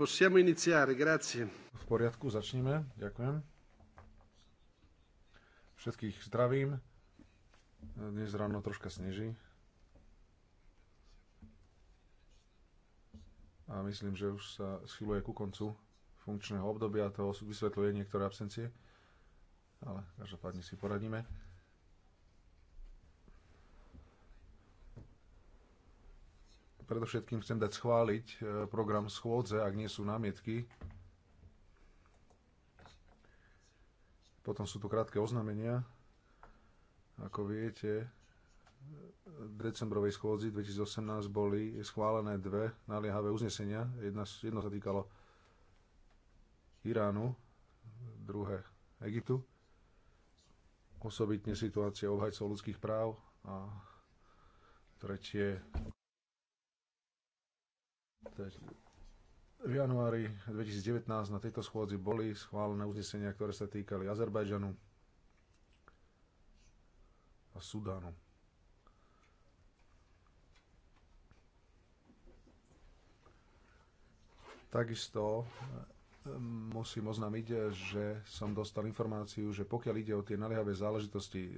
Possiamo iniziare, grazie. V poriadku, začneme. Ďakujem. Všetkých zdravím. Dnes ráno troška sneží. A myslím, že už sa schyluje ku koncu funkčného obdobia. To vysvetľuje niektoré absencie. Ale každopádne si poradíme. predovšetkým chcem dať schváliť e, program schôdze, ak nie sú námietky. Potom sú tu krátke oznamenia. Ako viete, v decembrovej schôdzi 2018 boli schválené dve naliehavé uznesenia. Jedna, jedno sa týkalo Iránu, druhé Egyptu. Osobitne situácia obhajcov ľudských práv a tretie v januári 2019 na tejto schôdzi boli schválené uznesenia, ktoré sa týkali Azerbajdžanu a Sudánu. Takisto ehm, musím oznámiť, že som dostal informáciu, že pokiaľ ide o tie naliehavé záležitosti, e,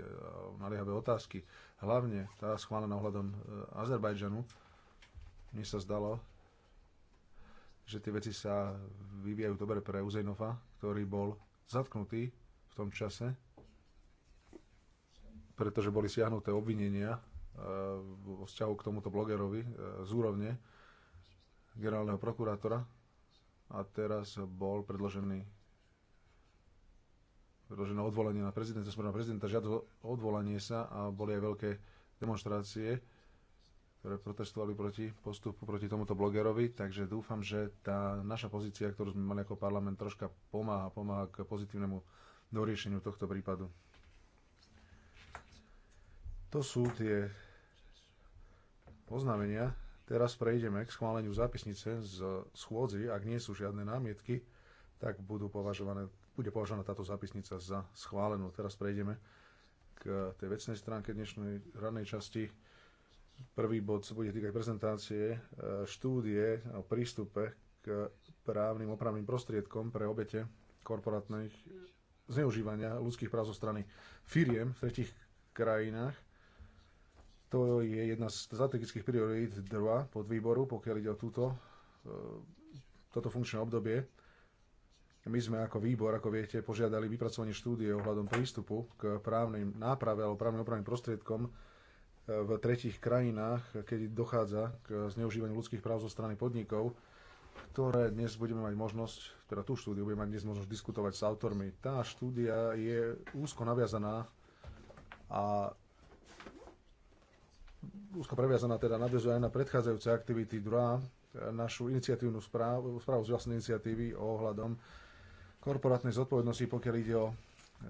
naliehavé otázky, hlavne tá schválená ohľadom e, Azerbajdžanu, mne sa zdalo, že tie veci sa vyvíjajú dobre pre Uzejnova, ktorý bol zatknutý v tom čase, pretože boli siahnuté obvinenia e, vo vzťahu k tomuto blogerovi e, z úrovne generálneho prokurátora a teraz bol predložený predložené odvolanie na prezidenta, smer na prezidenta, žiadalo odvolanie sa a boli aj veľké demonstrácie ktoré protestovali proti postupu proti tomuto blogerovi, takže dúfam, že tá naša pozícia, ktorú sme mali ako parlament, troška pomáha, pomáha k pozitívnemu doriešeniu tohto prípadu. To sú tie oznámenia. Teraz prejdeme k schváleniu zápisnice z schôdzi. Ak nie sú žiadne námietky, tak budú považované, bude považovaná táto zápisnica za schválenú. Teraz prejdeme k tej vecnej stránke dnešnej ranej časti Prvý bod sa bude týkať prezentácie e, štúdie o prístupe k právnym opravným prostriedkom pre obete korporátnych zneužívania ľudských práv zo strany firiem v tretich krajinách. To je jedna z strategických priorít DRVA pod výboru, pokiaľ ide o túto, e, toto funkčné obdobie. My sme ako výbor, ako viete, požiadali vypracovanie štúdie ohľadom prístupu k právnej náprave alebo právnym opravným prostriedkom v tretích krajinách, kedy dochádza k zneužívaniu ľudských práv zo strany podnikov, ktoré dnes budeme mať možnosť, teda tú štúdiu budeme mať dnes možnosť diskutovať s autormi. Tá štúdia je úzko naviazaná a úzko previazaná teda nadvezuje aj na predchádzajúce aktivity druhá našu iniciatívnu správu, správu z vlastnej iniciatívy ohľadom korporátnej zodpovednosti, pokiaľ ide o E,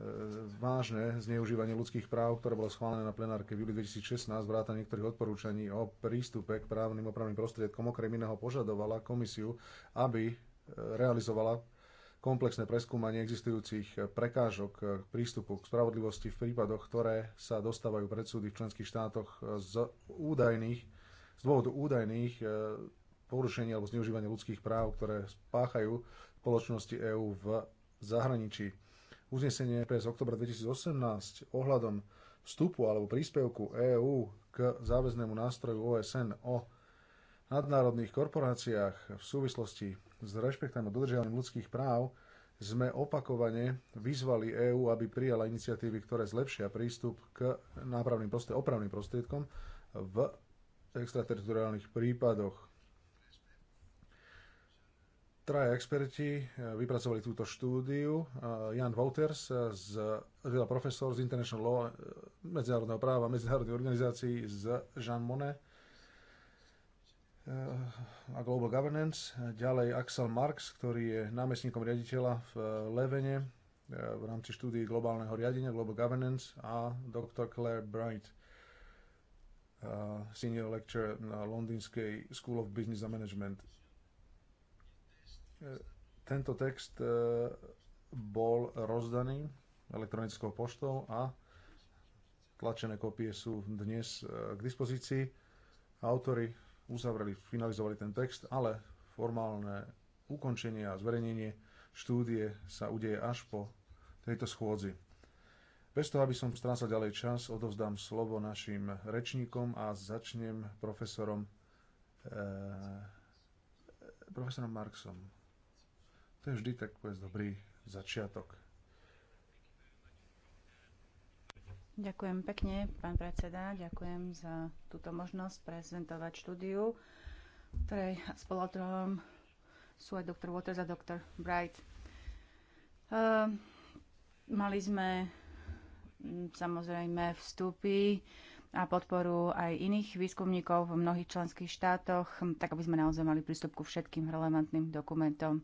vážne zneužívanie ľudských práv, ktoré bolo schválené na plenárke v júli 2016, vrátane niektorých odporúčaní o prístupe k právnym opravným prostriedkom, okrem iného požadovala komisiu, aby e, realizovala komplexné preskúmanie existujúcich prekážok k prístupu k spravodlivosti v prípadoch, ktoré sa dostávajú pred súdy v členských štátoch z údajných, z dôvodu údajných e, porušení alebo zneužívania ľudských práv, ktoré spáchajú spoločnosti EÚ v zahraničí. Uznesenie EP z oktobra 2018 ohľadom vstupu alebo príspevku EÚ k záväznému nástroju OSN o nadnárodných korporáciách v súvislosti s rešpektom a dodržiavaním ľudských práv sme opakovane vyzvali EÚ, aby prijala iniciatívy, ktoré zlepšia prístup k nápravným prostriedkom, opravným prostriedkom v extrateritoriálnych prípadoch. Traja experti eh, vypracovali túto štúdiu. Eh, Jan Wouters, eh, z, teda profesor z International Law, medzinárodného práva, medzinárodnej organizácií z Jean Monnet a Global Governance. Ďalej Axel Marx, ktorý je námestníkom riaditeľa v Levene v rámci štúdii globálneho riadenia Global Governance a dr. Claire Bright, senior lecturer na Londýnskej School of Business and Management E, tento text e, bol rozdaný elektronickou poštou a tlačené kopie sú dnes e, k dispozícii. Autory uzavreli, finalizovali ten text, ale formálne ukončenie a zverejnenie štúdie sa udeje až po tejto schôdzi. Bez toho, aby som strácal ďalej čas, odovzdám slovo našim rečníkom a začnem profesorom, eh, profesorom Marksom. To je vždy tak povedz dobrý začiatok. Ďakujem pekne, pán predseda. Ďakujem za túto možnosť prezentovať štúdiu, ktorej spoluautorom sú aj doktor Waters a doktor Bright. Uh, mali sme samozrejme vstupy a podporu aj iných výskumníkov v mnohých členských štátoch, tak aby sme naozaj mali prístup ku všetkým relevantným dokumentom.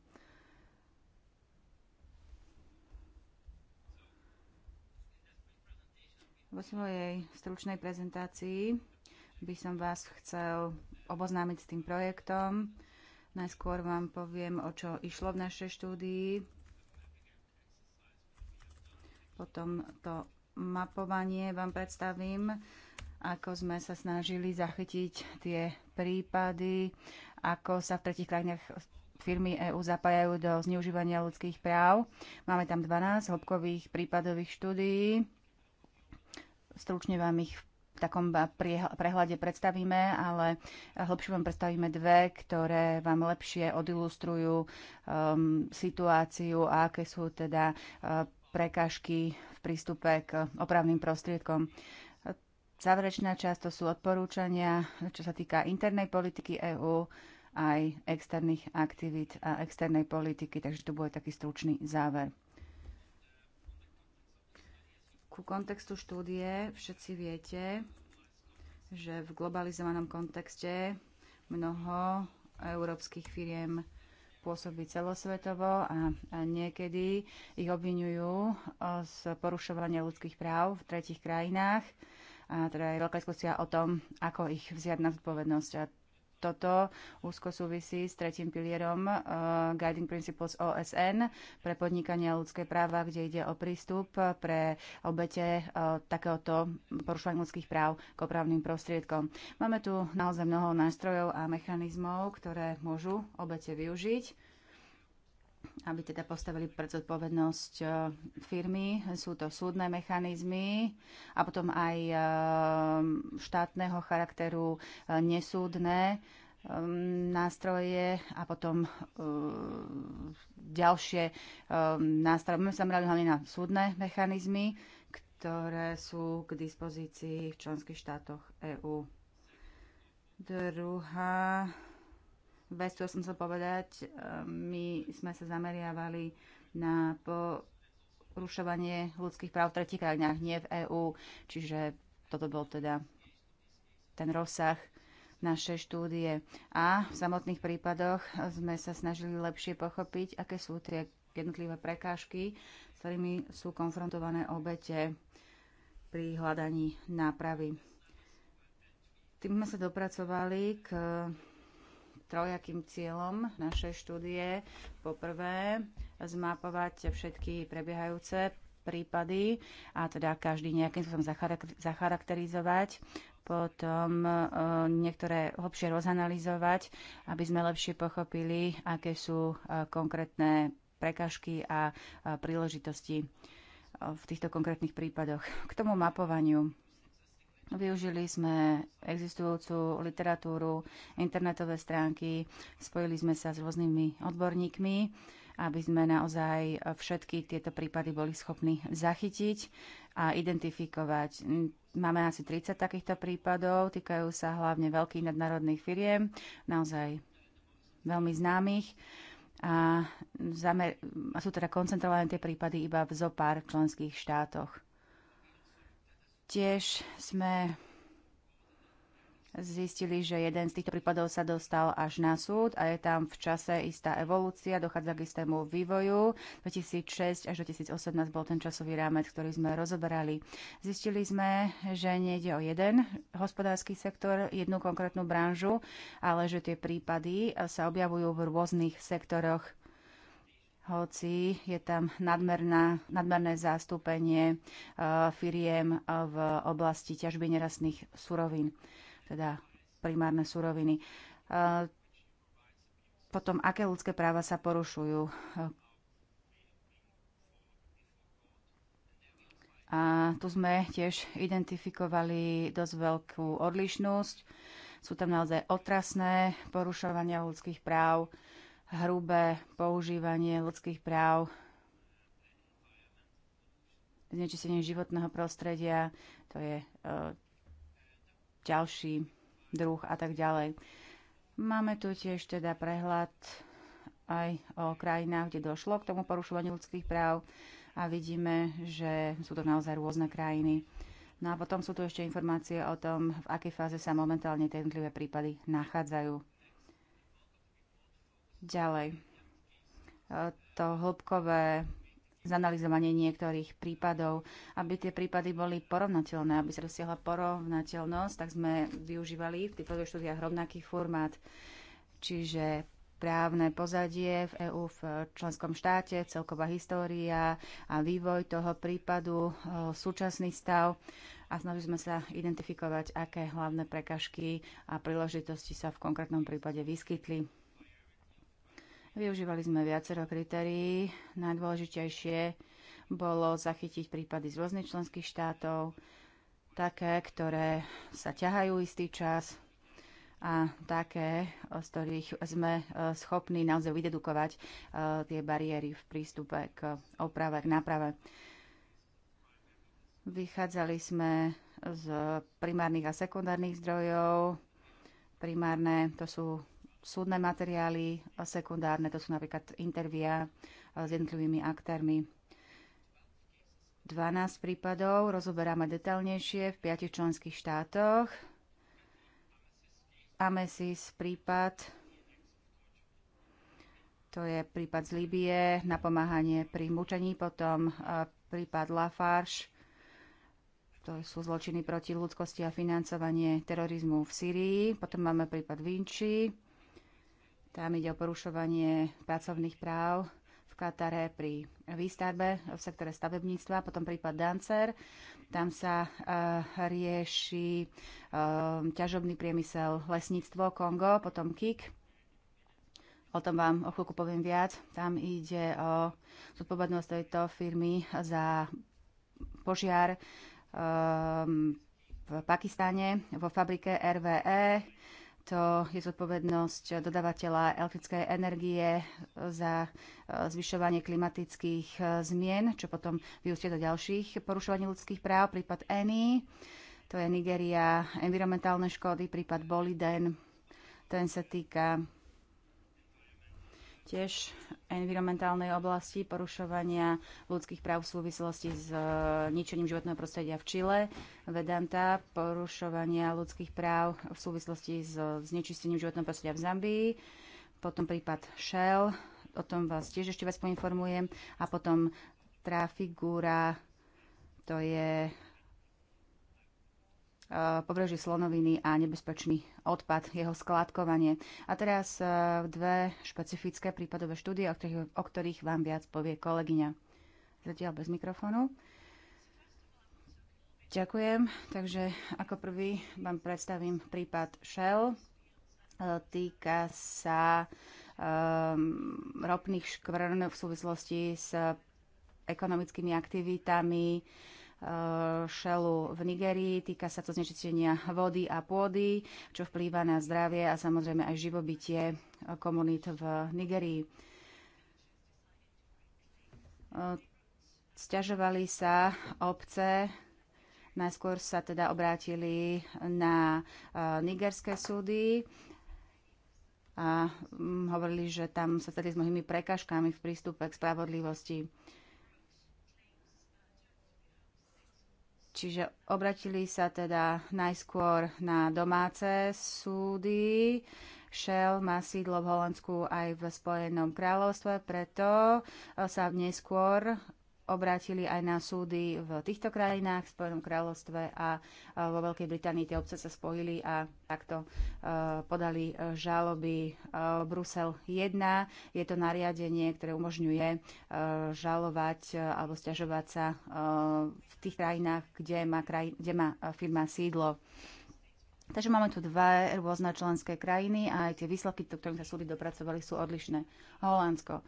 Vo svojej stručnej prezentácii by som vás chcel oboznámiť s tým projektom. Najskôr vám poviem, o čo išlo v našej štúdii. Potom to mapovanie vám predstavím, ako sme sa snažili zachytiť tie prípady, ako sa v tretich krajinách firmy EÚ zapájajú do zneužívania ľudských práv. Máme tam 12 hĺbkových prípadových štúdií Stručne vám ich v takom prehľade predstavíme, ale hlbšie vám predstavíme dve, ktoré vám lepšie odilustrujú um, situáciu a aké sú teda uh, prekážky v prístupe k opravným prostriedkom. Záverečná časť to sú odporúčania, čo sa týka internej politiky EÚ, aj externých aktivít a externej politiky, takže to bude taký stručný záver. Ku kontextu štúdie všetci viete, že v globalizovanom kontexte mnoho európskych firiem pôsobí celosvetovo a, niekedy ich obvinujú z porušovania ľudských práv v tretich krajinách. A teda je veľká diskusia o tom, ako ich vziať na zodpovednosť. A toto úzko súvisí s tretím pilierom uh, Guiding Principles OSN pre podnikanie a ľudské práva, kde ide o prístup pre obete uh, takéhoto porušovania ľudských práv k opravným prostriedkom. Máme tu naozaj mnoho nástrojov a mechanizmov, ktoré môžu obete využiť aby teda postavili pred zodpovednosť e, firmy. Sú to súdne mechanizmy a potom aj e, štátneho charakteru e, nesúdne nástroje a potom ďalšie nástroje. My sa mrali hlavne na súdne mechanizmy, ktoré sú k dispozícii v členských štátoch EÚ. Druhá Vec, ktorú som chcel povedať, e, my sme sa zameriavali na porušovanie ľudských práv v tretich krajinách, nie v EÚ. Čiže toto bol teda ten rozsah našej štúdie. A v samotných prípadoch sme sa snažili lepšie pochopiť, aké sú tie jednotlivé prekážky, s ktorými sú konfrontované obete pri hľadaní nápravy. Tým sme sa dopracovali k trojakým cieľom našej štúdie. Poprvé, zmapovať všetky prebiehajúce prípady a teda každý nejakým spôsobom zacharakterizovať, potom e, niektoré hlbšie rozanalizovať, aby sme lepšie pochopili, aké sú e, konkrétne prekažky a e, príležitosti v týchto konkrétnych prípadoch. K tomu mapovaniu Využili sme existujúcu literatúru, internetové stránky, spojili sme sa s rôznymi odborníkmi, aby sme naozaj všetky tieto prípady boli schopní zachytiť a identifikovať. Máme asi 30 takýchto prípadov, týkajú sa hlavne veľkých nadnárodných firiem, naozaj veľmi známych a, zamer- a sú teda koncentrované tie prípady iba v zopár členských štátoch. Tiež sme zistili, že jeden z týchto prípadov sa dostal až na súd a je tam v čase istá evolúcia, dochádza k istému vývoju. 2006 až 2018 bol ten časový rámec, ktorý sme rozoberali. Zistili sme, že nejde o jeden hospodársky sektor, jednu konkrétnu branžu, ale že tie prípady sa objavujú v rôznych sektoroch hoci je tam nadmerná, nadmerné zastúpenie e, firiem e, v oblasti ťažby nerastných surovín, teda primárne suroviny. E, potom, aké ľudské práva sa porušujú? A tu sme tiež identifikovali dosť veľkú odlišnosť. Sú tam naozaj otrasné porušovania ľudských práv hrubé používanie ľudských práv, znečistenie životného prostredia, to je e, ďalší druh a tak ďalej. Máme tu tiež teda prehľad aj o krajinách, kde došlo k tomu porušovaniu ľudských práv a vidíme, že sú to naozaj rôzne krajiny. No a potom sú tu ešte informácie o tom, v akej fáze sa momentálne tie jednotlivé prípady nachádzajú. Ďalej, e, to hĺbkové zanalizovanie niektorých prípadov, aby tie prípady boli porovnateľné, aby sa dosiahla porovnateľnosť, tak sme využívali v týchto štúdiách rovnaký formát, čiže právne pozadie v EÚ v členskom štáte, celková história a vývoj toho prípadu, e, súčasný stav a snažili sme sa identifikovať, aké hlavné prekažky a príležitosti sa v konkrétnom prípade vyskytli. Využívali sme viacero kritérií. Najdôležitejšie bolo zachytiť prípady z rôznych členských štátov, také, ktoré sa ťahajú istý čas a také, z ktorých sme e, schopní naozaj vydedukovať e, tie bariéry v prístupe k oprave, k náprave. Vychádzali sme z primárnych a sekundárnych zdrojov. Primárne to sú súdne materiály sekundárne, to sú napríklad intervia eh, s jednotlivými aktérmi. 12 prípadov rozoberáme detaľnejšie v 5 členských štátoch. Amesis prípad, to je prípad z Líbie, napomáhanie pri mučení, potom eh, prípad Lafarge, to sú zločiny proti ľudskosti a financovanie terorizmu v Syrii. Potom máme prípad Vinci, tam ide o porušovanie pracovných práv v Katare pri výstavbe v sektore stavebníctva, potom prípad Dancer. Tam sa uh, rieši uh, ťažobný priemysel, lesníctvo, Kongo, potom KIK. O tom vám o chvíľku poviem viac. Tam ide o zodpovednosť tejto firmy za požiar um, v Pakistane vo fabrike RVE to je zodpovednosť dodávateľa elektrickej energie za e, zvyšovanie klimatických e, zmien, čo potom vyústie do ďalších porušovaní ľudských práv, prípad ENI, to je Nigeria, environmentálne škody, prípad Boliden, ten sa týka tiež environmentálnej oblasti porušovania ľudských práv v súvislosti s e, ničením životného prostredia v Čile, Vedanta, porušovania ľudských práv v súvislosti s znečistením životného prostredia v Zambii, potom prípad Shell, o tom vás tiež ešte vás poinformujem, a potom Trafigura, to je Eh, pobreží slonoviny a nebezpečný odpad, jeho skládkovanie. A teraz eh, dve špecifické prípadové štúdie, o ktorých, o ktorých vám viac povie kolegyňa. Zatiaľ bez mikrofónu. Ďakujem. Takže ako prvý vám predstavím prípad Shell. Eh, týka sa um, ropných škvrn v súvislosti s ekonomickými aktivitami uh, Eh, šelu v Nigerii. Týka sa to znečistenia vody a pôdy, čo vplýva na zdravie a samozrejme aj živobytie komunít v Nigerii. Eh, sťažovali sa obce, najskôr sa teda obrátili na eh, nigerské súdy a mm, hovorili, že tam sa stali s mnohými prekažkami v prístupe k spravodlivosti. Čiže obratili sa teda najskôr na domáce súdy. Shell má sídlo v Holandsku aj v Spojenom kráľovstve, preto e, sa neskôr obrátili aj na súdy v týchto krajinách, v Spojenom kráľovstve a vo Veľkej Británii tie obce sa spojili a takto e, podali e, žaloby e, Brusel 1. Je to nariadenie, ktoré umožňuje žalovať alebo stiažovať sa v tých krajinách, kde má, kraj, kde má firma sídlo. Takže máme tu dva rôzne členské krajiny a aj tie výsledky, do ktorých sa súdy dopracovali, sú odlišné. Holandsko.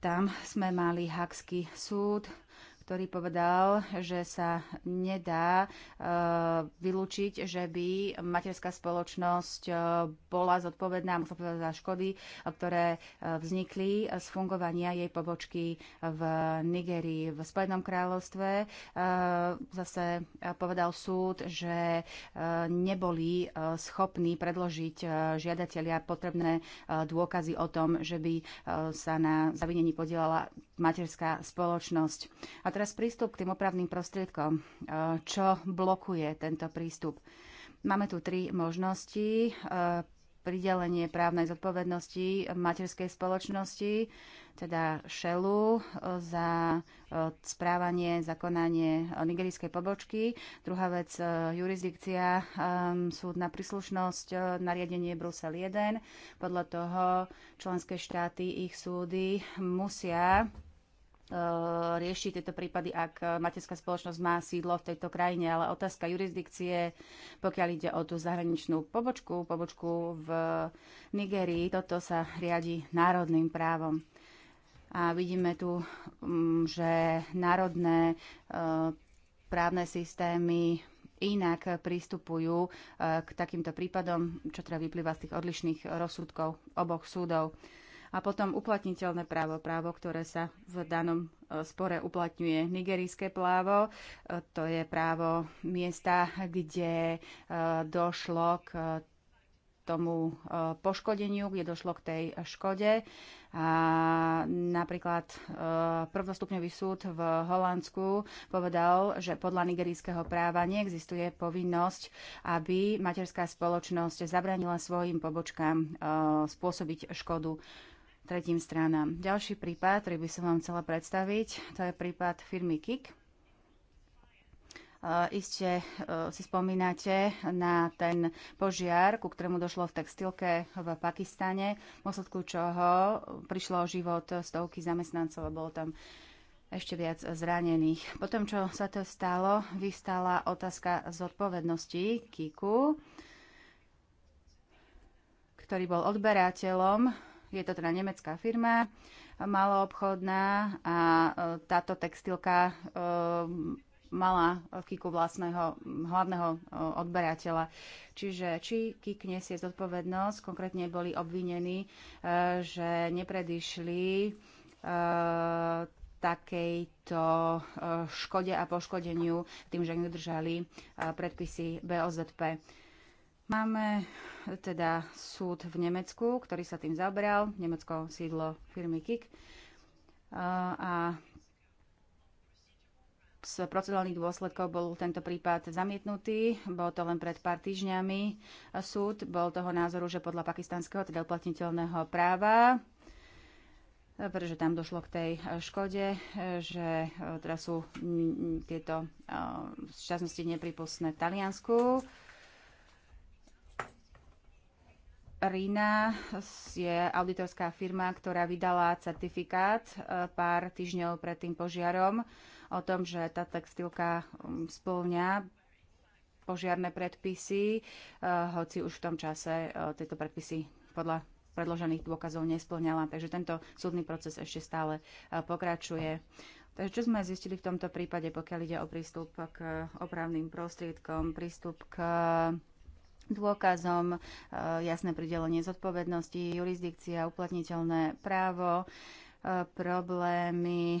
Tam sme mali Hagský súd, ktorý povedal, že sa nedá eh, vylúčiť, že by materská spoločnosť eh, bola zodpovedná za škody, eh, ktoré vznikli z fungovania jej pobočky v Nigerii. V Spojenom kráľovstve zase povedal súd, že neboli schopní predložiť žiadatelia potrebné dôkazy o tom, že by sa na zavinení podielala materská spoločnosť. A teraz prístup k tým opravným prostriedkom. E, čo blokuje tento prístup? Máme tu tri možnosti. E, pridelenie právnej zodpovednosti materskej spoločnosti, teda šelu, e, za správanie, zakonanie nigerijskej pobočky. Druhá vec, jurisdikcia, súdna príslušnosť, nariadenie Brusel 1. Podľa toho členské štáty, ich súdy musia E, rieši tieto prípady, ak materská spoločnosť má sídlo v tejto krajine, ale otázka jurisdikcie, pokiaľ ide o tú zahraničnú pobočku, pobočku v Nigerii, toto sa riadi národným právom. A vidíme tu, mm, že národné e, právne systémy inak pristupujú e, k takýmto prípadom, čo teda vyplýva z tých odlišných rozsudkov oboch súdov. A potom uplatniteľné právo, právo, ktoré sa v danom e, spore uplatňuje. Nigerijské právo, e, to je právo miesta, kde e, došlo k tomu poškodeniu, kde došlo k tej škode. A napríklad prvostupňový súd v Holandsku povedal, že podľa nigerijského práva neexistuje povinnosť, aby materská spoločnosť zabranila svojim pobočkám spôsobiť škodu tretím stranám. Ďalší prípad, ktorý by som vám chcela predstaviť, to je prípad firmy KIK. E, iste e, si spomínate na ten požiar, ku ktorému došlo v textilke v Pakistane, v dôsledku čoho prišlo o život stovky zamestnancov a bolo tam ešte viac zranených. Po tom, čo sa to stalo, vystala otázka zodpovednosti Kiku, ktorý bol odberateľom je to teda nemecká firma, maloobchodná a e, táto textilka e, mala kiku vlastného hlavného e, odberateľa. Čiže či KIK nesie zodpovednosť, konkrétne boli obvinení, že nepredišli takejto škode a poškodeniu tým, že nedržali predpisy BOZP. Máme teda súd v Nemecku, ktorý sa tým zaoberal, Nemecko sídlo firmy KIK. A z procedurálnych dôsledkov bol tento prípad zamietnutý. bol to len pred pár týždňami. Súd bol toho názoru, že podľa pakistanského, teda uplatniteľného práva, pretože tam došlo k tej škode, že e, teraz sú tieto šťastnosti nepripustné v Taliansku. Rina je auditorská firma, ktorá vydala certifikát e, pár týždňov pred tým požiarom o tom, že tá textilka um, spĺňa požiarne predpisy, e, hoci už v tom čase e, tieto predpisy podľa predložených dôkazov nesplňala. Takže tento súdny proces ešte stále pokračuje. Takže čo sme zistili v tomto prípade, pokiaľ ide o prístup k opravným prostriedkom, prístup k dôkazom, e, jasné pridelenie zodpovednosti, jurisdikcia, uplatniteľné právo, e, problémy e,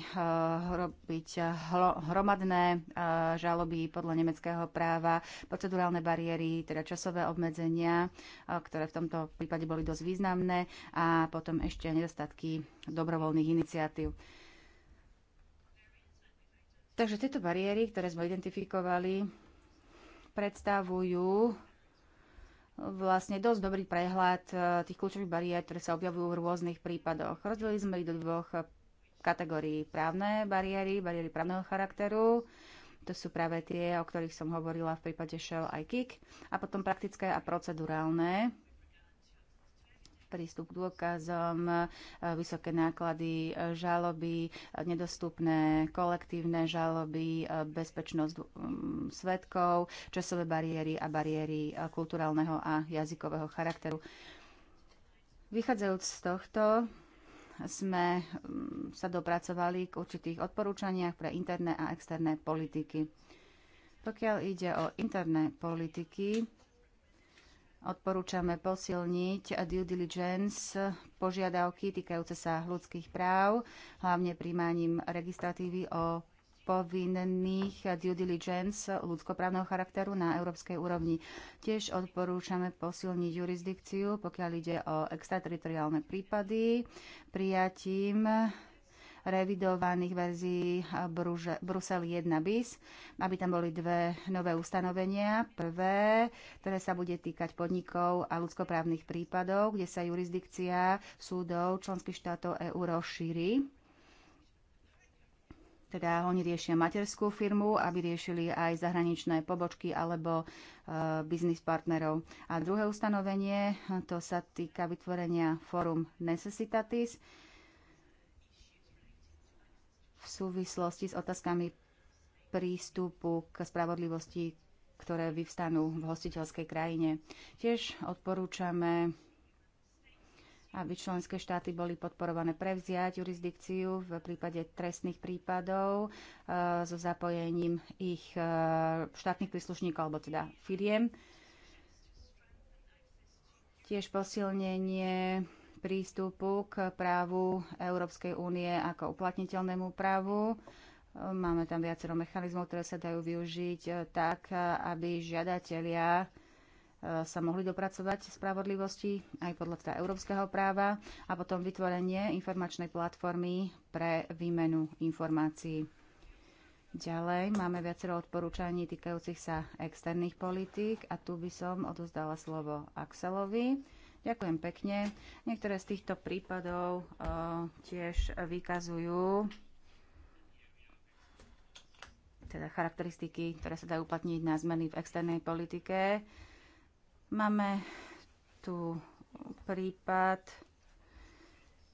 robiť hromadné žaloby podľa nemeckého práva, procedurálne bariéry, teda časové obmedzenia, ktoré v tomto prípade boli dosť významné a potom ešte nedostatky dobrovoľných iniciatív. Takže tieto bariéry, ktoré sme identifikovali, predstavujú vlastne dosť dobrý prehľad e, tých kľúčových bariér, ktoré sa objavujú v rôznych prípadoch. Rozdelili sme ich do dvoch kategórií právne bariéry, bariéry právneho charakteru, to sú práve tie, o ktorých som hovorila v prípade Shell aj KIK, a potom praktické a procedurálne, prístup k dôkazom, e, vysoké náklady e, žaloby, e, nedostupné kolektívne žaloby, bezpečnosť svetkov, časové bariéry a bariéry kulturálneho a jazykového charakteru. Vychádzajúc z tohto, sme sa dopracovali k určitých odporúčaniach pre interné a externé politiky. Pokiaľ ide o interné politiky, Odporúčame posilniť due diligence požiadavky týkajúce sa ľudských práv, hlavne príjmaním registratívy o povinných due diligence ľudskoprávneho charakteru na európskej úrovni. Tiež odporúčame posilniť jurisdikciu, pokiaľ ide o extrateritoriálne prípady, prijatím revidovaných verzií Bruže, Brusel 1 bis, aby tam boli dve nové ustanovenia. Prvé, ktoré sa bude týkať podnikov a ľudskoprávnych prípadov, kde sa jurisdikcia súdov členských štátov EÚ rozšíri teda oni riešia materskú firmu, aby riešili aj zahraničné pobočky alebo e, biznis partnerov. A druhé ustanovenie, to sa týka vytvorenia Forum Necessitatis, v súvislosti s otázkami prístupu k spravodlivosti, ktoré vyvstanú v hostiteľskej krajine. Tiež odporúčame, aby členské štáty boli podporované prevziať jurisdikciu v prípade trestných prípadov e, so zapojením ich e, štátnych príslušníkov, alebo teda firiem. Tiež posilnenie prístupu k právu Európskej únie ako uplatniteľnému právu. Máme tam viacero mechanizmov, ktoré sa dajú využiť eh, tak, eh, aby žiadatelia eh, sa mohli dopracovať spravodlivosti aj podľa teda európskeho práva a potom vytvorenie informačnej platformy pre výmenu informácií. Ďalej máme viacero odporúčaní týkajúcich sa externých politík a tu by som odozdala slovo Axelovi Ďakujem pekne. Niektoré z týchto prípadov eh, tiež vykazujú teda charakteristiky, ktoré sa dajú uplatniť na zmeny v externej politike. Máme tu prípad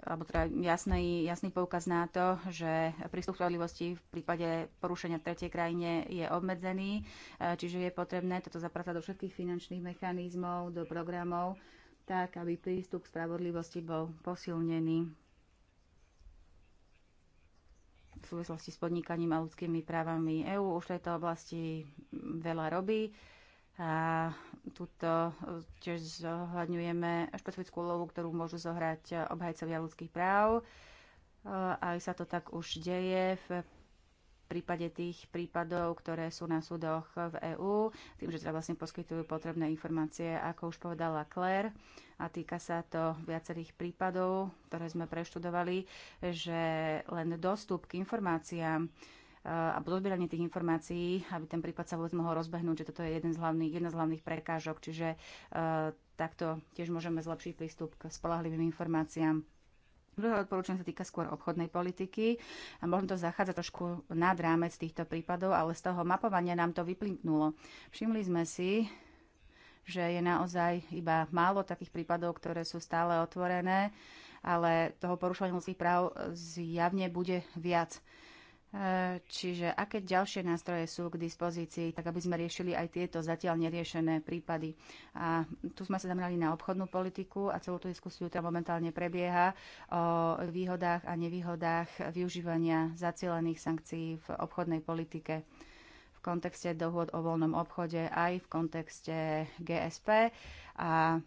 alebo teda jasný, jasný poukaz na to, že prístup spravodlivosti v prípade porušenia v tretej krajine je obmedzený, eh, čiže je potrebné toto zapracovať do všetkých finančných mechanizmov, do programov tak aby prístup k spravodlivosti bol posilnený v súvislosti s podnikaním a ľudskými právami EÚ. Už v tejto oblasti veľa robí. A tuto e, tiež zohľadňujeme špecifickú úlohu, ktorú môžu zohrať obhajcovia ľudských práv. E, aj sa to tak už deje v prípade tých prípadov, ktoré sú na súdoch v EÚ, tým, že teda vlastne poskytujú potrebné informácie, ako už povedala Claire, a týka sa to viacerých prípadov, ktoré sme preštudovali, že len dostup k informáciám e, a podozbieranie tých informácií, aby ten prípad sa vôbec mohol rozbehnúť, že toto je jeden z hlavných, jedna z hlavných prekážok, čiže uh, takto tiež môžeme zlepšiť prístup k spolahlivým informáciám. Druhé odporúčanie sa týka skôr obchodnej politiky a možno to zachádza trošku nad rámec týchto prípadov, ale z toho mapovania nám to vyplynulo. Všimli sme si, že je naozaj iba málo takých prípadov, ktoré sú stále otvorené, ale toho porušovania ľudských práv zjavne bude viac. Eh, čiže aké ďalšie nástroje sú k dispozícii, tak aby sme riešili aj tieto zatiaľ neriešené prípady. A tu sme sa zamerali na obchodnú politiku a celú tú diskusiu, ktorá momentálne prebieha o výhodách a nevýhodách využívania zacielených sankcií v obchodnej politike v kontexte dohôd o voľnom obchode aj v kontexte GSP. A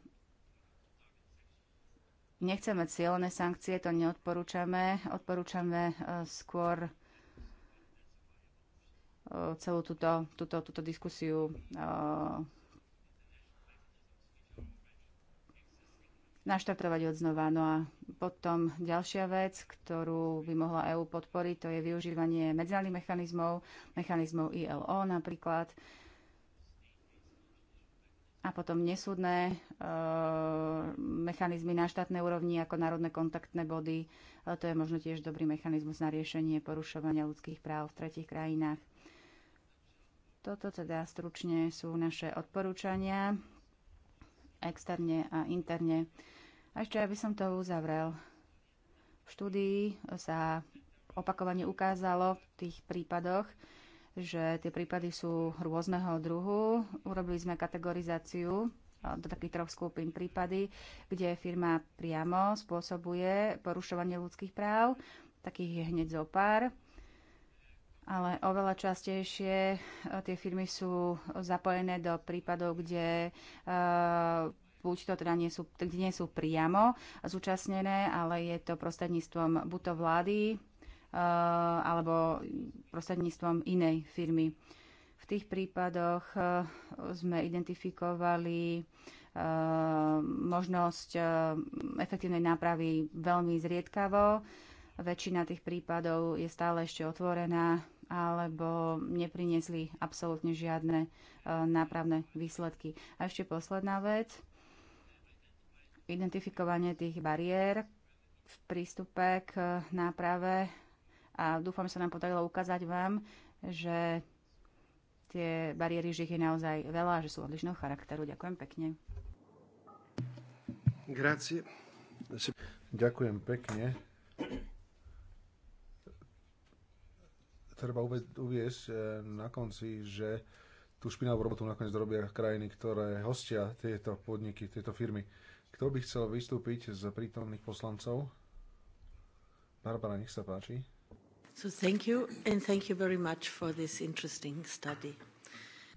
nechceme cieľné sankcie, to neodporúčame. Odporúčame eh, skôr Eh, celú túto, túto, túto diskusiu eh, naštartovať od znova. No a potom ďalšia vec, ktorú by mohla EÚ podporiť, to je využívanie medzinárodných mechanizmov, mechanizmov ILO napríklad, a potom nesúdne e, mechanizmy na štátnej úrovni ako národné kontaktné body. E, to je možno tiež dobrý mechanizmus na riešenie porušovania ľudských práv v tretich krajinách. Toto teda stručne sú naše odporúčania externe a interne. A ešte, aby som to uzavrel. V štúdii sa opakovane ukázalo v tých prípadoch, že tie prípady sú rôzneho druhu. Urobili sme kategorizáciu do takých troch skupín prípady, kde firma priamo spôsobuje porušovanie ľudských práv. Takých je hneď zo pár ale oveľa častejšie e, tie firmy sú zapojené do prípadov, kde buď e, to teda nie sú, kde nie sú priamo zúčastnené, ale je to prostredníctvom buď to vlády, e, alebo prostredníctvom inej firmy. V tých prípadoch sme identifikovali možnosť efektívnej nápravy veľmi zriedkavo. Väčšina tých prípadov je stále ešte otvorená, alebo nepriniesli absolútne žiadne e, nápravné výsledky. A ešte posledná vec, identifikovanie tých bariér v prístupe k e, náprave a dúfam, že sa nám podarilo ukázať vám, že tie bariéry, že ich je naozaj veľa a že sú odlišného charakteru. Ďakujem pekne. Grazie. Ďakujem pekne. treba uviesť eh, na konci, že tú špinavú robotu nakoniec robia krajiny, ktoré hostia tieto podniky, tieto firmy. Kto by chcel vystúpiť z prítomných poslancov? Barbara, nech sa páči. So thank you and thank you very much for this interesting study.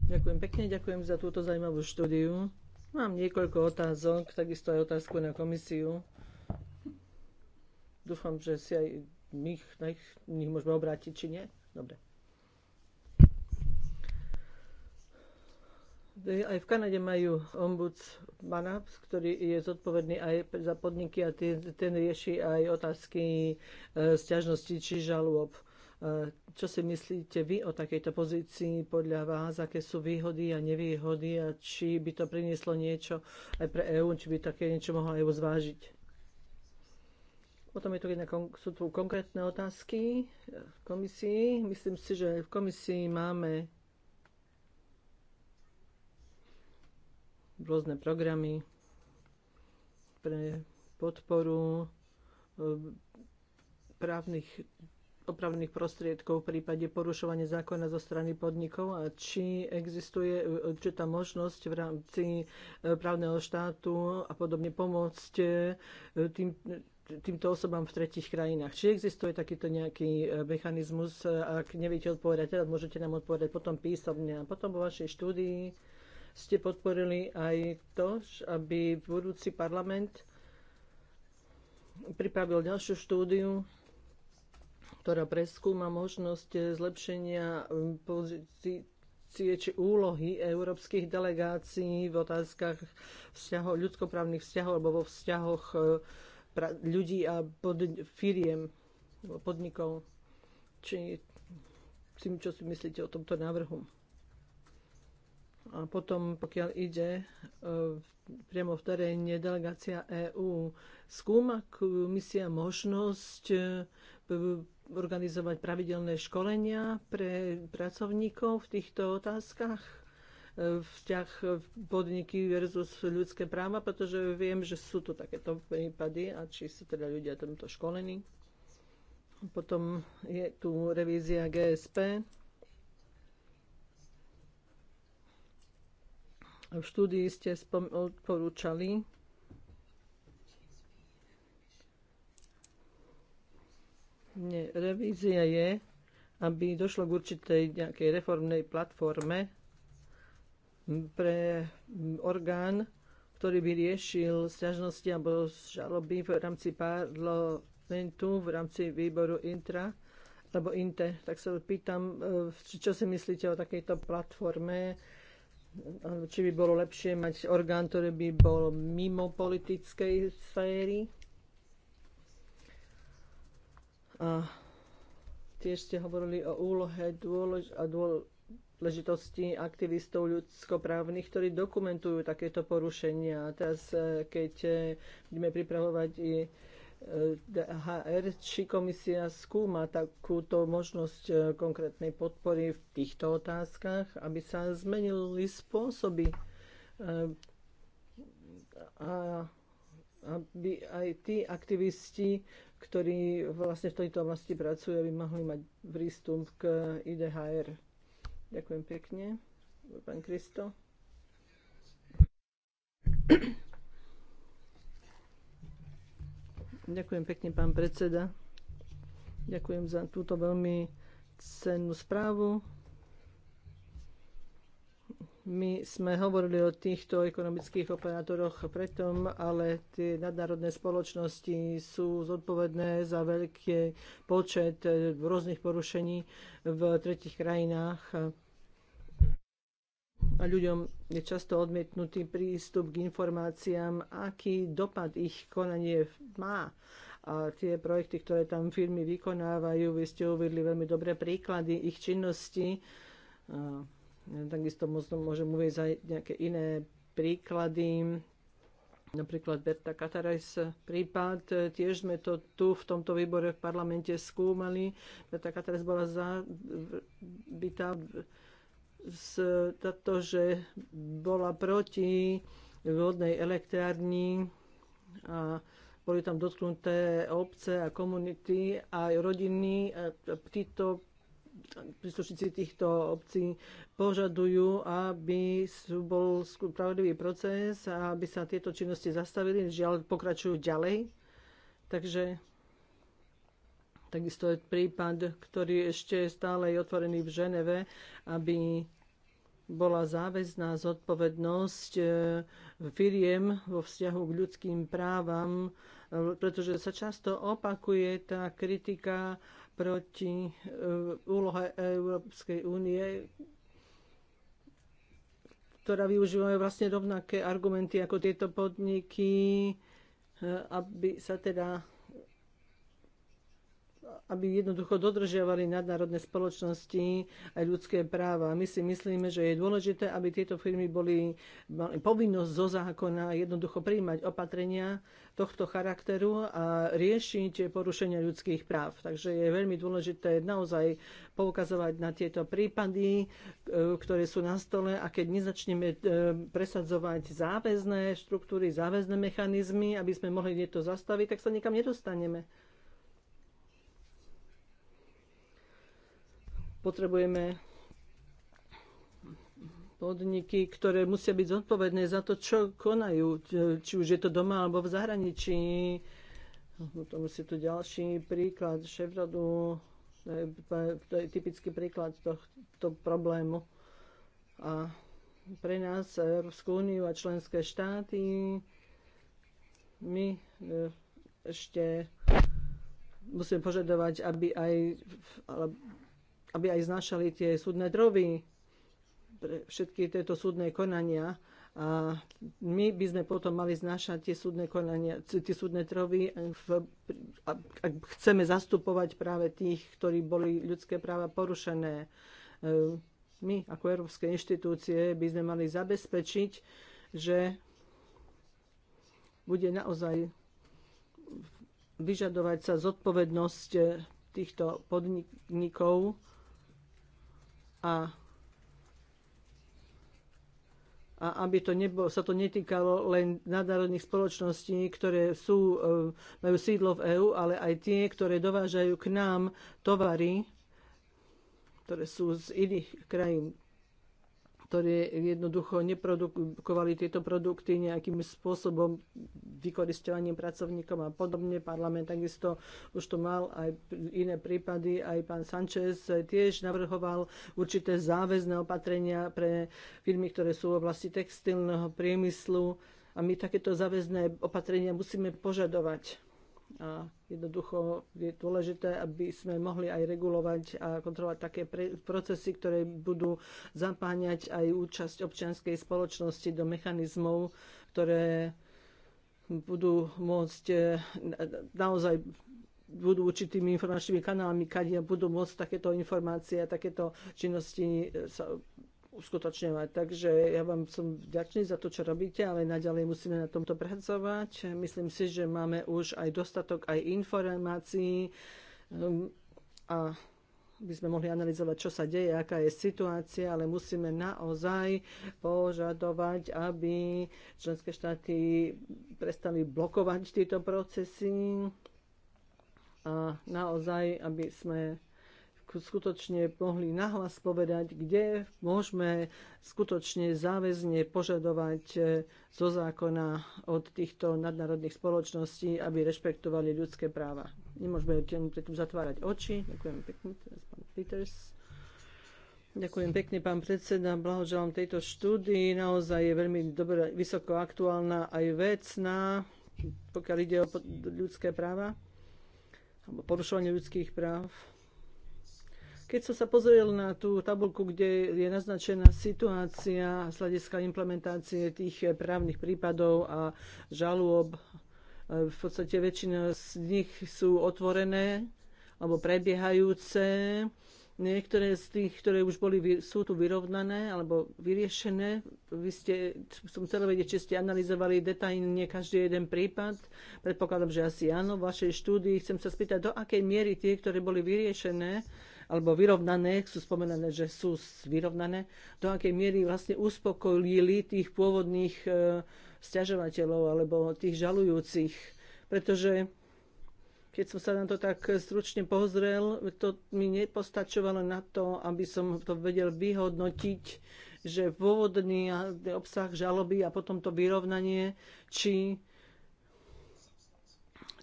Ďakujem pekne, ďakujem za túto zaujímavú štúdiu. Mám niekoľko otázok, takisto aj otázku na komisiu. Dúfam, že si aj my ich, ich môžeme obrátiť, či nie. Dobre. Aj v Kanade majú ombudsmana, ktorý je zodpovedný aj za podniky a ten, ten rieši aj otázky e, sťažnosti či žalôb. E, čo si myslíte vy o takejto pozícii podľa vás? Aké sú výhody a nevýhody a či by to prinieslo niečo aj pre EÚ? Či by také niečo mohlo EU zvážiť? Potom je tu jedna, sú tu konkrétne otázky v komisii. Myslím si, že v komisii máme rôzne programy pre podporu eh, právnych opravných prostriedkov v prípade porušovania zákona zo strany podnikov a či existuje určitá eh, možnosť v rámci eh, právneho štátu a podobne pomôcť tým týmto osobám v tretich krajinách. Či existuje takýto nejaký e, mechanizmus? E, ak neviete odpovedať teraz, môžete nám odpovedať potom písomne. A potom vo vašej štúdii ste podporili aj to, aby budúci parlament pripravil ďalšiu štúdiu, ktorá preskúma možnosť zlepšenia pozície či úlohy európskych delegácií v otázkach vzťahov, ľudskoprávnych vzťahov alebo vo vzťahoch e, ľudí a pod, firiem podnikov. Či tým, čo si myslíte o tomto návrhu. A potom, pokiaľ ide e, priamo v teréne delegácia EÚ, skúma komisia možnosť e, organizovať pravidelné školenia pre pracovníkov v týchto otázkach? vzťah podniky versus ľudské práva, pretože viem, že sú tu takéto prípady a či sú teda ľudia tomto školení. Potom je tu revízia GSP. V štúdii ste odporúčali, Nie, revízia je, aby došlo k určitej nejakej reformnej platforme pre orgán, ktorý by riešil sťažnosti alebo žaloby v rámci parlamentu, v rámci výboru intra alebo inte. Tak sa pýtam, e, čo si myslíte o takejto platforme, či by bolo lepšie mať orgán, ktorý by bol mimo politickej sféry. A tiež ste hovorili o úlohe dôlež- a dôl- príležitosti aktivistov ľudskoprávnych, ktorí dokumentujú takéto porušenia. A teraz, e, keď budeme e, pripravovať i e, HR, či komisia skúma takúto možnosť konkrétnej podpory v týchto otázkach, aby sa zmenili spôsoby a aby aj tí aktivisti, ktorí vlastne v tejto oblasti pracujú, aby mohli mať prístup k IDHR. Ďakujem pekne. Pán Kristo. Ďakujem pekne, pán predseda. Ďakujem za túto veľmi cennú správu my sme hovorili o týchto ekonomických operátoroch pretom, ale tie nadnárodné spoločnosti sú zodpovedné za veľký počet e, rôznych porušení v tretich krajinách. A ľuďom je často odmietnutý prístup k informáciám, aký dopad ich konanie má. A tie projekty, ktoré tam firmy vykonávajú, vy ste uvedli veľmi dobré príklady ich činnosti. Takisto môžem uvieť aj nejaké iné príklady. Napríklad Berta Katarajs prípad, tiež sme to tu v tomto výbore v parlamente skúmali. Berta Katarajs bola zabitá z to, že bola proti vodnej elektrárni a boli tam dotknuté obce a komunity aj rodiny. E, títo príslušníci týchto obcí požadujú, aby bol spravodlivý proces a aby sa tieto činnosti zastavili, žiaľ pokračujú ďalej. Takže takisto je prípad, ktorý ešte stále je otvorený v Ženeve, aby bola záväzná zodpovednosť e, firiem vo vzťahu k ľudským právam, e, pretože sa často opakuje tá kritika proti e, úlohe Európskej únie, ktorá využívajú vlastne rovnaké argumenty ako tieto podniky, e, aby sa teda aby jednoducho dodržiavali nadnárodné spoločnosti aj ľudské práva. My si myslíme, že je dôležité, aby tieto firmy boli, mali povinnosť zo zákona jednoducho príjmať opatrenia tohto charakteru a riešiť porušenia ľudských práv. Takže je veľmi dôležité naozaj poukazovať na tieto prípady, e, ktoré sú na stole a keď nezačneme e, presadzovať záväzné štruktúry, záväzné mechanizmy, aby sme mohli niečo zastaviť, tak sa nikam nedostaneme. Potrebujeme podniky, ktoré musia byť zodpovedné za to, čo konajú, či už je to doma alebo v zahraničí. To musí tu ďalší príklad Ševrodu, to je, to je typický príklad tohto problému. A pre nás, Európsku úniu a členské štáty, my eh, ešte musíme požadovať, aby aj aby aj znašali tie súdne drovy pre všetky tieto súdne konania. A my by sme potom mali znašať tie súdne konania, tie súdne trovy, ak chceme zastupovať práve tých, ktorí boli ľudské práva porušené. E, my ako európske inštitúcie by sme mali zabezpečiť, že bude naozaj vyžadovať sa zodpovednosť týchto podnikov a a aby to nebolo, sa to netýkalo len nadnárodných spoločností, ktoré sú, e, majú sídlo v EÚ, ale aj tie, ktoré dovážajú k nám tovary, ktoré sú z iných krajín ktoré jednoducho neprodukovali tieto produkty nejakým spôsobom vykoristovaním pracovníkom a podobne. Parlament takisto už to mal aj iné prípady. Aj pán Sanchez tiež navrhoval určité záväzné opatrenia pre firmy, ktoré sú v oblasti textilného priemyslu. A my takéto záväzné opatrenia musíme požadovať. A jednoducho je dôležité, aby sme mohli aj regulovať a kontrolovať také procesy, ktoré budú zapáňať aj účasť občianskej spoločnosti do mechanizmov, ktoré budú môcť e, naozaj budú určitými informačnými kanálmi, kadia budú môcť takéto informácie a takéto činnosti sa uskutočňovať. Takže ja vám som vďačný za to, čo robíte, ale naďalej musíme na tomto pracovať. Myslím si, že máme už aj dostatok aj informácií um, a by sme mohli analyzovať, čo sa deje, aká je situácia, ale musíme naozaj požadovať, aby členské štáty prestali blokovať tieto procesy a naozaj, aby sme skutočne mohli nahlas povedať, kde môžeme skutočne záväzne požadovať e, zo zákona od týchto nadnárodných spoločností, aby rešpektovali ľudské práva. Nemôžeme predtým zatvárať oči. Ďakujem pekne, teraz pán Peters. Ďakujem pekne, pán predseda. Blahoželám tejto štúdii. Naozaj je veľmi dobrá, vysoko aktuálna aj vecná, pokiaľ ide o ľudské práva alebo porušovanie ľudských práv. Keď som sa pozrel na tú tabulku, kde je naznačená situácia z hľadiska implementácie tých právnych prípadov a žalôb, e, v podstate väčšina z nich sú otvorené alebo prebiehajúce. Niektoré z tých, ktoré už boli, sú tu vyrovnané alebo vyriešené. Vy ste, som chcela vedieť, či ste analyzovali detajne každý jeden prípad. Predpokladám, že asi áno. V vašej štúdii chcem sa spýtať, do akej miery tie, ktoré boli vyriešené, alebo vyrovnané, sú spomenané, že sú vyrovnané, do akej miery vlastne uspokojili tých pôvodných e, stiažovateľov alebo tých žalujúcich. Pretože keď som sa na to tak stručne pozrel, to mi nepostačovalo na to, aby som to vedel vyhodnotiť, že pôvodný obsah žaloby a potom to vyrovnanie, či,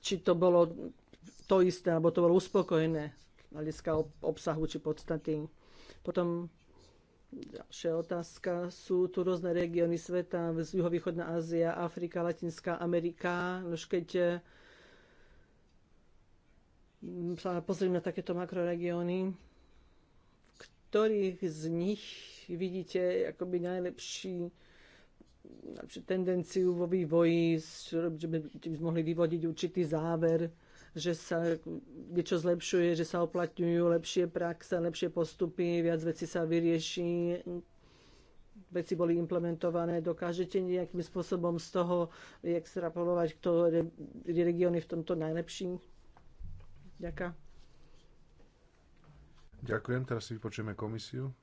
či to bolo to isté, alebo to bolo uspokojené hľadiska obsahu či podstaty. Potom ďalšia otázka. Sú tu rôzne regióny sveta, juhovýchodná Ázia, Afrika, Latinská Amerika. Už keď eh, sa pozrieme na takéto makroregióny, v ktorých z nich vidíte akoby najlepší tendenciu vo vývoji, že by sme mohli vyvodiť určitý záver že sa niečo zlepšuje, že sa oplatňujú lepšie praxe, lepšie postupy, viac vecí sa vyrieši, veci boli implementované. Dokážete nejakým spôsobom z toho extrapolovať, je regióny v tomto najlepší? Ďakujem. Ďakujem. Teraz si vypočujeme komisiu.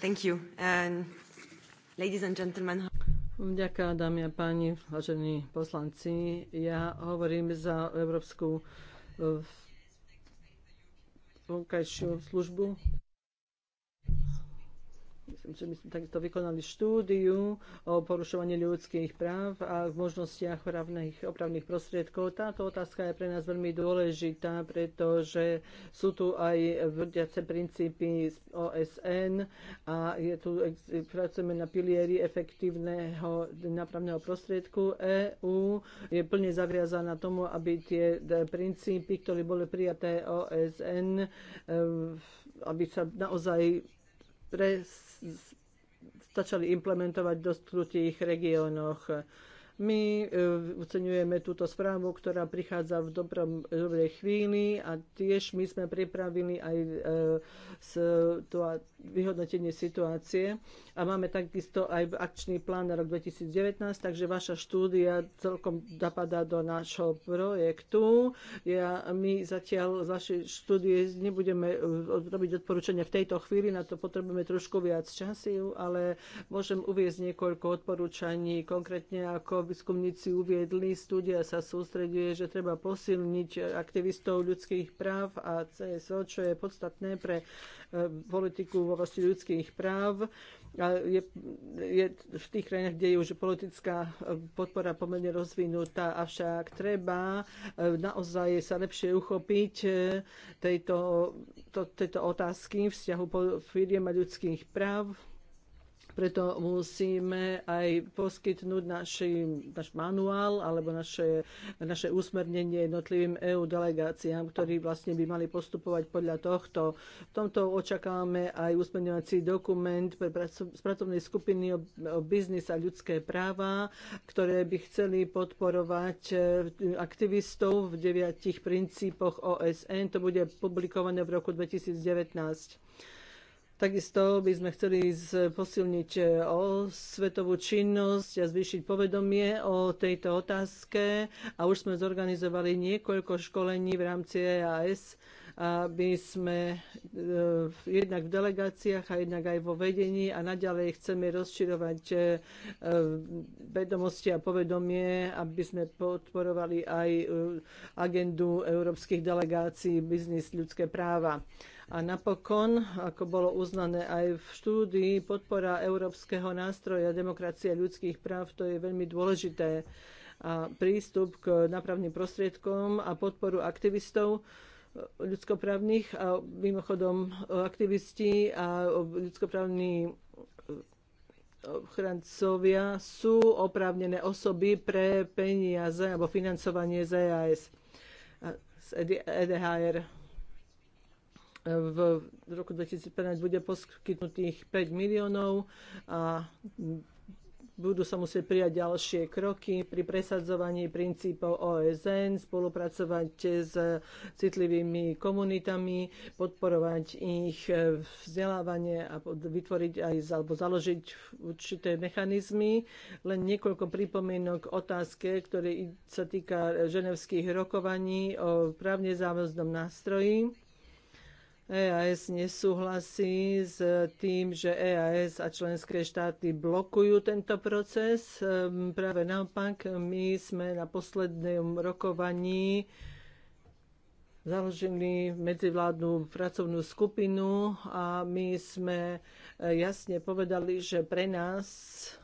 Thank Ďakujem, dámy a páni, vážení poslanci. Ja hovorím za Európsku eh, vonkajšiu službu že my sme takisto vykonali štúdiu o porušovaní ľudských práv a v možnostiach opravných, opravných prostriedkov. Táto otázka je pre nás veľmi dôležitá, pretože sú tu aj vrdiace princípy OSN a je tu, pracujeme na pilieri efektívneho nápravného prostriedku. EÚ je plne zaviazaná tomu, aby tie princípy, ktoré boli prijaté OSN, e, aby sa naozaj pre, začali implementovať v dostnutých regiónoch. My uceňujeme eh, túto správu, ktorá prichádza v dobrom, dobrej chvíli a tiež my sme pripravili aj e, vyhodnotenie situácie a máme takisto aj akčný plán na rok 2019, takže vaša štúdia celkom zapadá do nášho projektu. Ja, my zatiaľ z vašej štúdie nebudeme eh, robiť odporúčania v tejto chvíli, na to potrebujeme trošku viac času, ale môžem uviezť niekoľko odporúčaní konkrétne ako výskumníci uviedli, studia sa sústreduje, že treba posilniť aktivistov ľudských práv a CSO, čo je podstatné pre e, politiku v oblasti ľudských práv. A je, je v tých krajinách, kde je už politická e, podpora pomerne rozvinutá, avšak treba e, naozaj sa lepšie uchopiť tejto, to, tejto otázky vzťahu firiem a ľudských práv preto musíme aj poskytnúť naši, náš manuál alebo naše, naše usmernenie jednotlivým EU delegáciám, ktorí vlastne by mali postupovať podľa tohto. V tomto očakávame aj usmerňovací dokument pre pracovnej skupiny o, o biznis a ľudské práva, ktoré by chceli podporovať e, aktivistov v deviatich princípoch OSN. To bude publikované v roku 2019. Takisto by sme chceli posilniť e, svetovú činnosť a zvýšiť povedomie o tejto otázke a už sme zorganizovali niekoľko školení v rámci EAS, aby sme e, jednak v delegáciách a jednak aj vo vedení a naďalej chceme rozširovať e, vedomosti a povedomie, aby sme podporovali aj agendu európskych delegácií biznis ľudské práva. A napokon, ako bolo uznané aj v štúdii, podpora Európskeho nástroja demokracie ľudských práv, to je veľmi dôležité. A prístup k napravným prostriedkom a podporu aktivistov, e, ľudskoprávnych a mimochodom e, aktivisti a ľudskoprávni e, ochrancovia sú oprávnené osoby pre peniaze alebo financovanie ZAS z EDHR v roku 2015 bude poskytnutých 5 miliónov a budú sa musieť prijať ďalšie kroky pri presadzovaní princípov OSN, spolupracovať s citlivými komunitami, podporovať ich vzdelávanie a vytvoriť aj alebo založiť určité mechanizmy. Len niekoľko pripomienok otázke, ktoré sa týka ženevských rokovaní o právne záväznom nástroji EAS nesúhlasí s tým, že EAS a členské štáty blokujú tento proces. Ehm, práve naopak, my sme na poslednom rokovaní založili medzivládnu pracovnú skupinu a my sme e, jasne povedali, že pre nás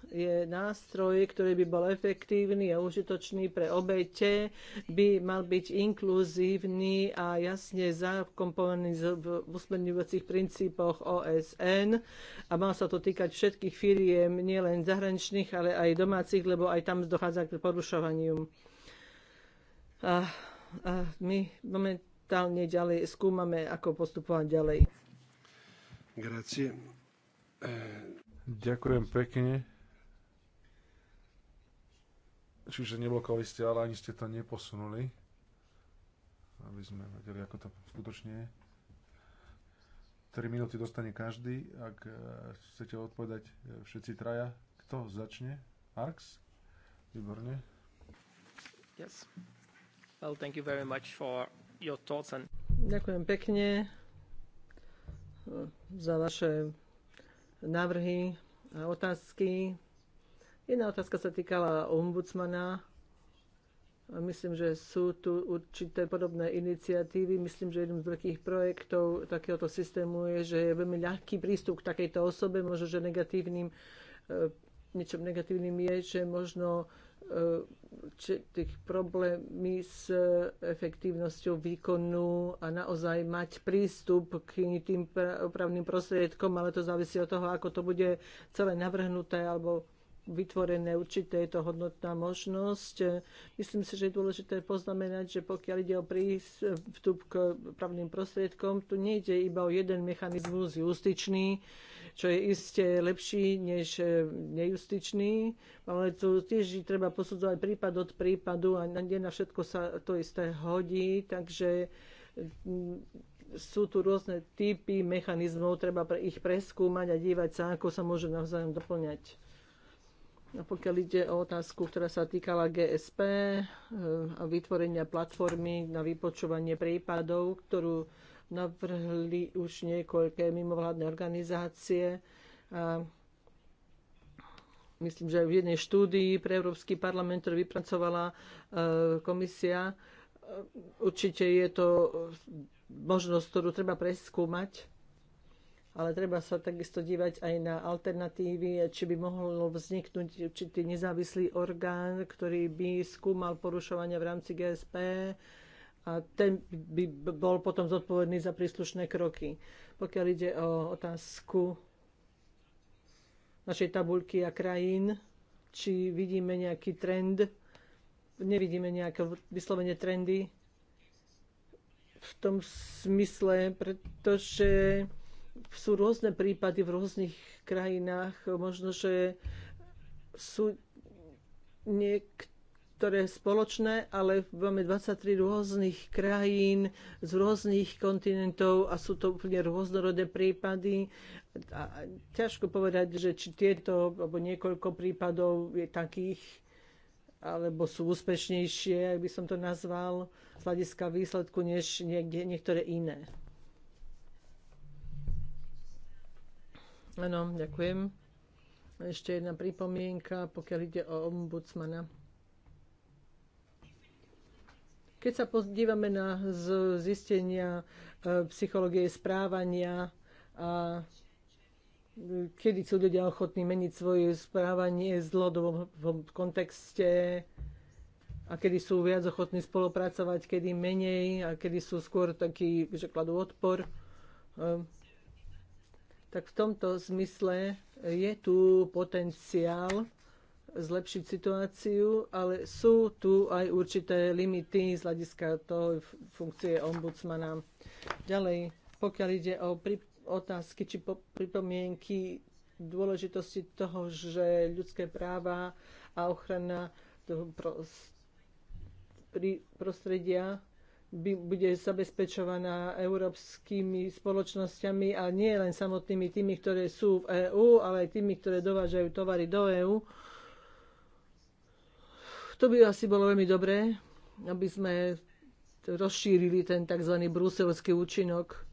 je nástroj, ktorý by bol efektívny a užitočný pre obete, by mal byť inkluzívny a jasne zakomponovaný v usmerňujúcich princípoch OSN a mal sa to týkať všetkých firiem, nielen zahraničných, ale aj domácich, lebo aj tam dochádza k porušovaniu my momentálne ďalej skúmame, ako postupovať ďalej. Grazie. Eh. Ďakujem pekne. Čiže neblokovali ste, ale ani ste to neposunuli. Aby sme vedeli, ako to skutočne je. 3 minúty dostane každý. Ak eh, chcete odpovedať eh, všetci traja, kto začne? Marks? Výborne. Yes. Ďakujem pekne e, za vaše návrhy a otázky. Jedna otázka sa týkala ombudsmana. myslím, že sú tu určité podobné iniciatívy. Myslím, že jedným z veľkých projektov takéhoto systému je, že je veľmi ľahký prístup k takejto osobe. Možno, že negatívnym, e, niečom negatívnym je, že možno tých problémy s efektívnosťou výkonu a naozaj mať prístup k tým opravným prostriedkom, ale to závisí od toho, ako to bude celé navrhnuté alebo vytvorené určité, je to hodnotná možnosť. Myslím si, že je dôležité poznamenať, že pokiaľ ide o prístup k právnym prostriedkom, tu nejde iba o jeden mechanizmus justičný, čo je iste lepší než e, nejustičný, ale tu tiež treba posudzovať prípad od prípadu a nie na všetko sa to isté hodí, takže mm, sú tu rôzne typy mechanizmov, treba ich preskúmať a dívať sa, ako sa môžu navzájom doplňať pokiaľ ide o otázku, ktorá sa týkala GSP e, a vytvorenia platformy na vypočovanie prípadov, ktorú navrhli už niekoľké mimovládne organizácie. A myslím, že aj v jednej štúdii pre Európsky parlament, ktorú vypracovala e, komisia, e, určite je to možnosť, ktorú treba preskúmať ale treba sa takisto dívať aj na alternatívy, či by mohol vzniknúť určitý nezávislý orgán, ktorý by skúmal porušovania v rámci GSP a ten by bol potom zodpovedný za príslušné kroky. Pokiaľ ide o otázku našej tabulky a krajín, či vidíme nejaký trend, nevidíme nejaké vyslovene trendy v tom smysle, pretože sú rôzne prípady v rôznych krajinách. Možno, že sú niektoré spoločné, ale máme 23 rôznych krajín z rôznych kontinentov a sú to úplne rôznorodé prípady. A ťažko povedať, že či tieto, alebo niekoľko prípadov je takých, alebo sú úspešnejšie, ak by som to nazval, z hľadiska výsledku, než niekde, niektoré iné. Áno, ďakujem. Ešte jedna pripomienka, pokiaľ ide o ombudsmana. Keď sa podívame na zistenia e, psychológie správania a e, kedy sú ľudia ochotní meniť svoje správanie v kontexte a kedy sú viac ochotní spolupracovať, kedy menej a kedy sú skôr taký že kladú odpor. E, tak v tomto zmysle je tu potenciál zlepšiť situáciu, ale sú tu aj určité limity z hľadiska toho funkcie ombudsmana. Ďalej, pokiaľ ide o otázky či pripomienky dôležitosti toho, že ľudské práva a ochrana toho prostredia bude zabezpečovaná európskymi spoločnosťami a nie len samotnými tými, ktoré sú v EÚ, ale aj tými, ktoré dovážajú tovary do EÚ. To by asi bolo veľmi dobré, aby sme rozšírili ten tzv. bruselský účinok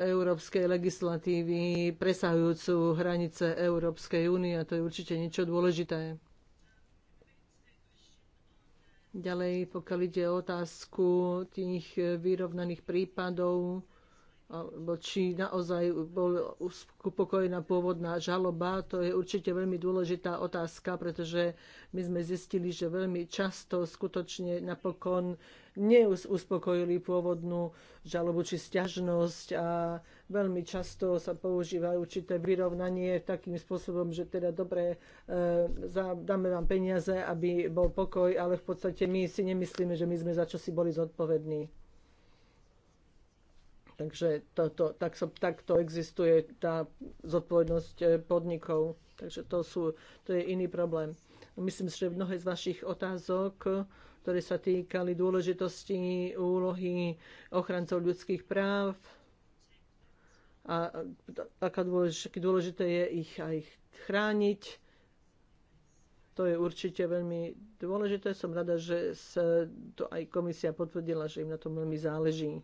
európskej legislatívy presahujúcu hranice Európskej únie a to je určite niečo dôležité. Ďalej, pokiaľ ide o otázku tých vyrovnaných prípadov, alebo či naozaj bol uspokojená pôvodná žaloba, to je určite veľmi dôležitá otázka, pretože my sme zistili, že veľmi často skutočne napokon neuspokojili pôvodnú žalobu či stiažnosť a veľmi často sa používa určité vyrovnanie takým spôsobom, že teda dobre, e, dáme vám peniaze, aby bol pokoj, ale v podstate my si nemyslíme, že my sme za čo si boli zodpovední. Takže to, tak so, takto existuje tá zodpovednosť eh, podnikov. Takže to, sú, to je iný problém. Myslím si, že mnohé z vašich otázok, ktoré sa týkali dôležitosti úlohy ochrancov ľudských práv a aká dôležité, dôležité je ich aj chrániť, to je určite veľmi dôležité. Som rada, že sa to aj komisia potvrdila, že im na tom veľmi záleží.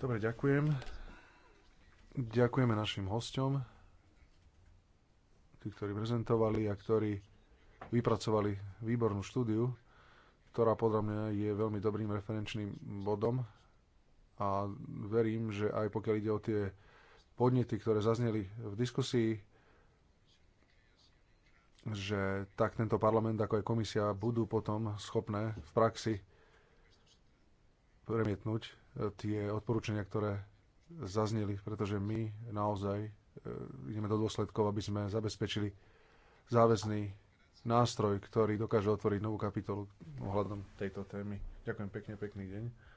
Dobre, ďakujem. Ďakujeme našim hosťom, tí, ktorí prezentovali a ktorí vypracovali výbornú štúdiu, ktorá podľa mňa je veľmi dobrým referenčným bodom a verím, že aj pokiaľ ide o tie podnety, ktoré zazneli v diskusii, že tak tento parlament ako aj komisia budú potom schopné v praxi premietnúť e, tie odporúčania, ktoré zazneli, pretože my naozaj e, ideme do dôsledkov, aby sme zabezpečili záväzný nástroj, ktorý dokáže otvoriť novú kapitolu ohľadom tejto témy. Ďakujem pekne, pekný deň.